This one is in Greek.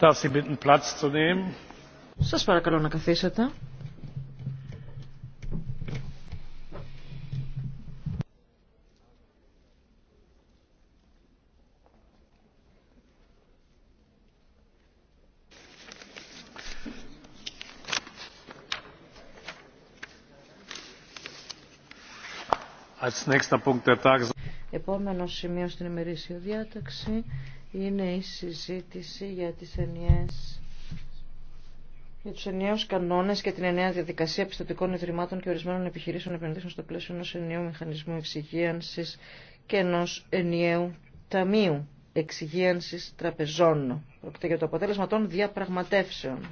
Darf Σας παρακαλώ να καθίσετε. Επόμενο σημείο στην ημερήσια διάταξη είναι η συζήτηση για τις ενιαίες για τους ενιαίους κανόνες και την ενιαία διαδικασία πιστοτικών ιδρυμάτων και ορισμένων επιχειρήσεων επενδύσεων στο πλαίσιο ενός ενιαίου μηχανισμού εξυγίανσης και ενός ενιαίου ταμείου εξυγίανσης τραπεζών. Πρόκειται για το αποτέλεσμα των διαπραγματεύσεων.